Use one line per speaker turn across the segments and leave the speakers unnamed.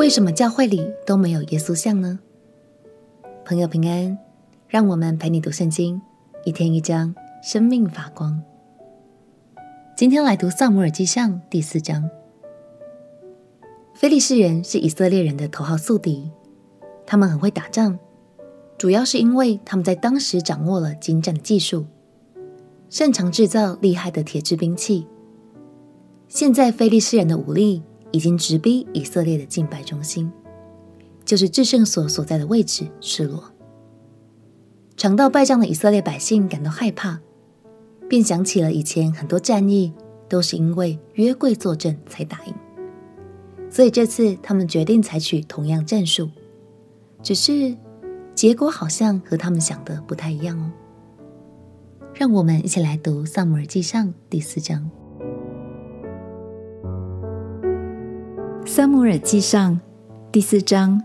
為什麼教會裡都沒有耶穌像呢？朋友平安，讓我們陪你讀聖經，一天一章，生命發光。今天來讀《撒母耳記上》第四章。非利士人是以色列人的頭號宿敵，他們很會打仗，主要是因為他們在當時掌握了精湛的技術，擅長制造厲害的鐵制兵器。現在非利士人的武力。已經直逼以色列的敬拜中心，就是至聖所所在的位置失落。嘗到敗仗的以色列百姓感到害怕，便想起了以前很多戰役都是因為約櫃坐鎮才打贏，所以這次他們決定採取同樣戰術。只是結果好像和他們想的不太一樣哦。讓我們一起來讀《撒母耳記上》第四章。
撒母耳記上第四章，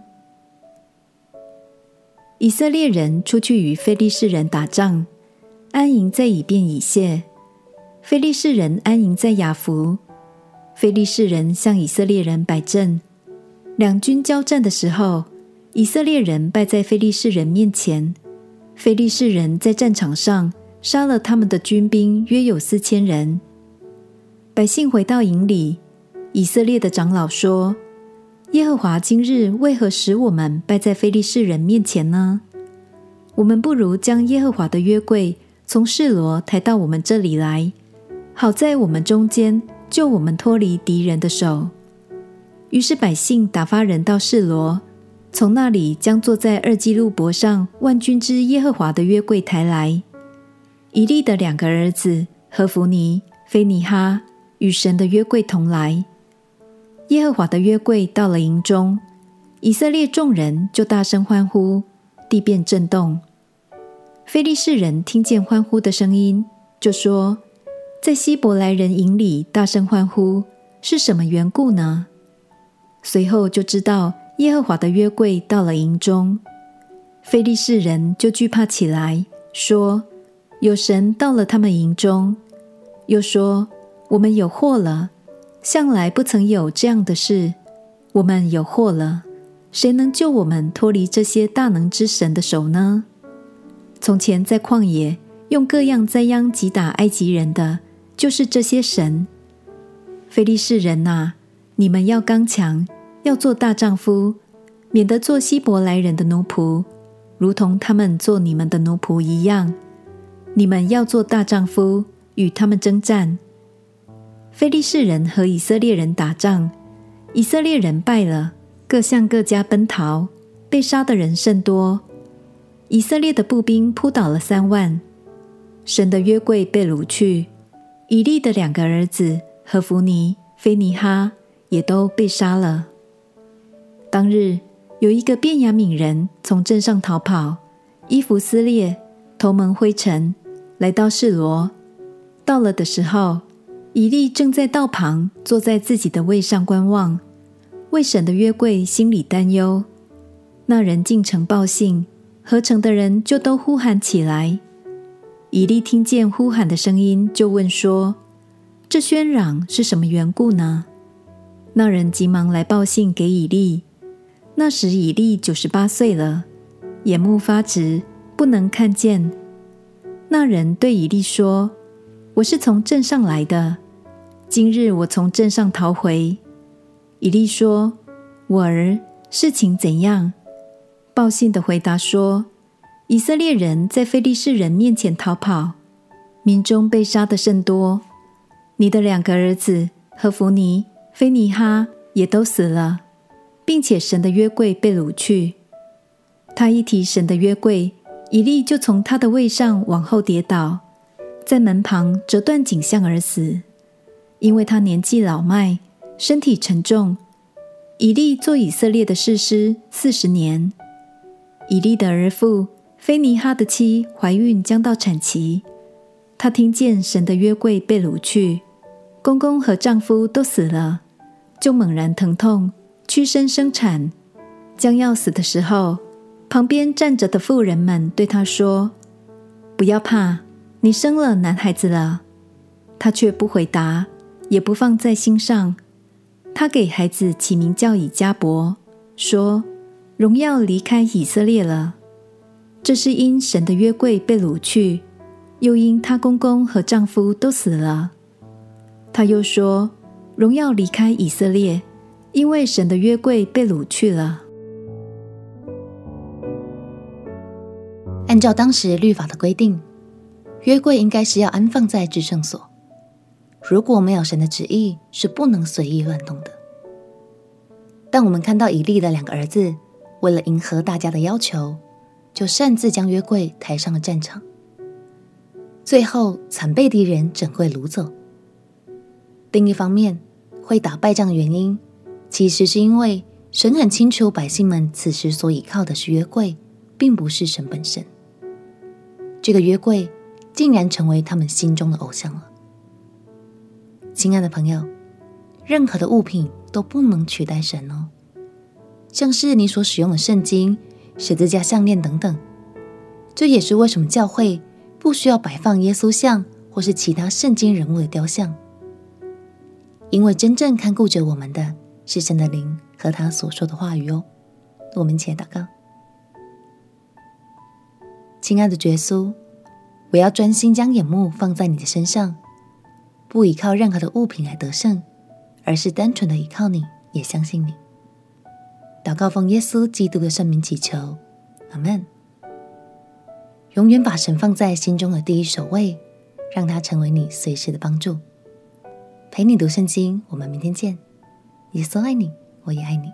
以色列人出去與非利士人打仗，安營在以便以謝。非利士人安營在亞弗。非利士人向以色列人擺陣，兩軍交戰的時候，以色列人敗在非利士人面前。非利士人在戰場上殺了他們的軍兵約有四千人。百姓回到營裡。以色列的長老說：“耶和華今日為何使我們敗在非利士人面前呢？我們不如將耶和華的約櫃從示羅抬到我們這裡來，好在我們中間救我們脫離敵人的手。”於是百姓打發人到示羅，從那裡將坐在二基路伯上萬軍之耶和華的約櫃抬來。以利的兩個兒子何弗尼、非尼哈與神的約櫃同來。耶和華的約櫃到了營中，以色列眾人就大聲歡呼，地便震動。非利士人聽見歡呼的聲音，就說：“在希伯來人營裡大聲歡呼是什麼緣故呢？”隨後就知道耶和華的約櫃到了營中，非利士人就懼怕起來，說：“有神到了他們營中。”又說：“我們有禍了。”向來不曾有這樣的事，我們有禍了。誰能救我們脫離這些大能之神的手呢？從前在曠野用各樣災殃擊打埃及人的，就是這些神。非利士人哪，你們要剛強，要做大丈夫，免得做希伯來人的奴僕，如同他們做你們的奴僕一樣。你們要做大丈夫，與他們征戰。非利士人和以色列人打仗，以色列人敗了，各向各家奔逃，被殺的人甚多。以色列的步兵撲倒了三萬，神的約櫃被擄去。以利的兩個兒子何弗尼、非尼哈也都被殺了。當日有一個便雅憫人從鎮上逃跑，衣服撕裂，頭蒙灰塵，來到示羅。到了的時候，以利正在道旁坐在自己的位上觀望，為神的約櫃心裡擔憂。那人進城報信，合城的人就都呼喊起來。以利聽見呼喊的聲音，就問說：“這喧嚷是什麼緣故呢？”那人急忙來報信給以利。那時以利九十八歲了，眼目發直，不能看見。那人對以利說：“我是從陣上來的。”今日我從陣上逃回。以利說：“我兒，事情怎樣？”報信的回答說：“以色列人在非利士人面前逃跑，民中被殺的甚多。你的兩個兒子何弗尼、非尼哈也都死了，並且神的約櫃被擄去。他一提神的約櫃，以利就從他的位上往後跌倒，在門旁折斷頸項而死。”因為他年紀老邁，身體沉重，以利做以色列的士師四十年。以利的兒婦菲尼哈的妻懷孕將到產期，她聽見神的約櫃被擄去，公公和丈夫都死了，就猛然疼痛，屈身生產。將要死的時候，旁邊站着的婦人們對她說：“不要怕，你生了男孩子了。”她卻不回答。也不放在心上，他給孩子起名叫以迦博，說：“榮耀離開以色列了，這是因神的約櫃被擄去，又因他公公和丈夫都死了。”他又說：“榮耀離開以色列，因為神的約櫃被擄去了。”按照當時律法的規定，
約櫃應該是要安放在至聖所。如果沒有神的旨意，是不能隨意亂動的。但我們看到以利的兩個兒子，為了迎合大家的要求，就擅自將約櫃抬上了戰場，最後慘被敵人整櫃擄走。另一方面，會打敗仗的原因，其實是因為神很清楚百姓們此時所倚靠的是約櫃，並不是神本身。這個約櫃竟然成為他們心中的偶像了。親愛的朋友，任何的物品都不能取代神哦，像是你所使用的聖經、十字架、項鏈等等。這也是為什麼教會不需要擺放耶穌像或是其他聖經人物的雕像，因為真正看顧着我們的是神的靈和他所說的話語哦。我們一起來禱告：親愛的耶穌，我要專心將眼目放在你的身上。不依靠任何的物品來得勝，而是單純的依靠你，也相信你。禱告奉耶穌基督的聖名祈求，阿門。永遠把神放在心中的第一首位，讓他成為你隨時的幫助。陪你讀聖經，我們明天見。耶穌愛你，我也愛你。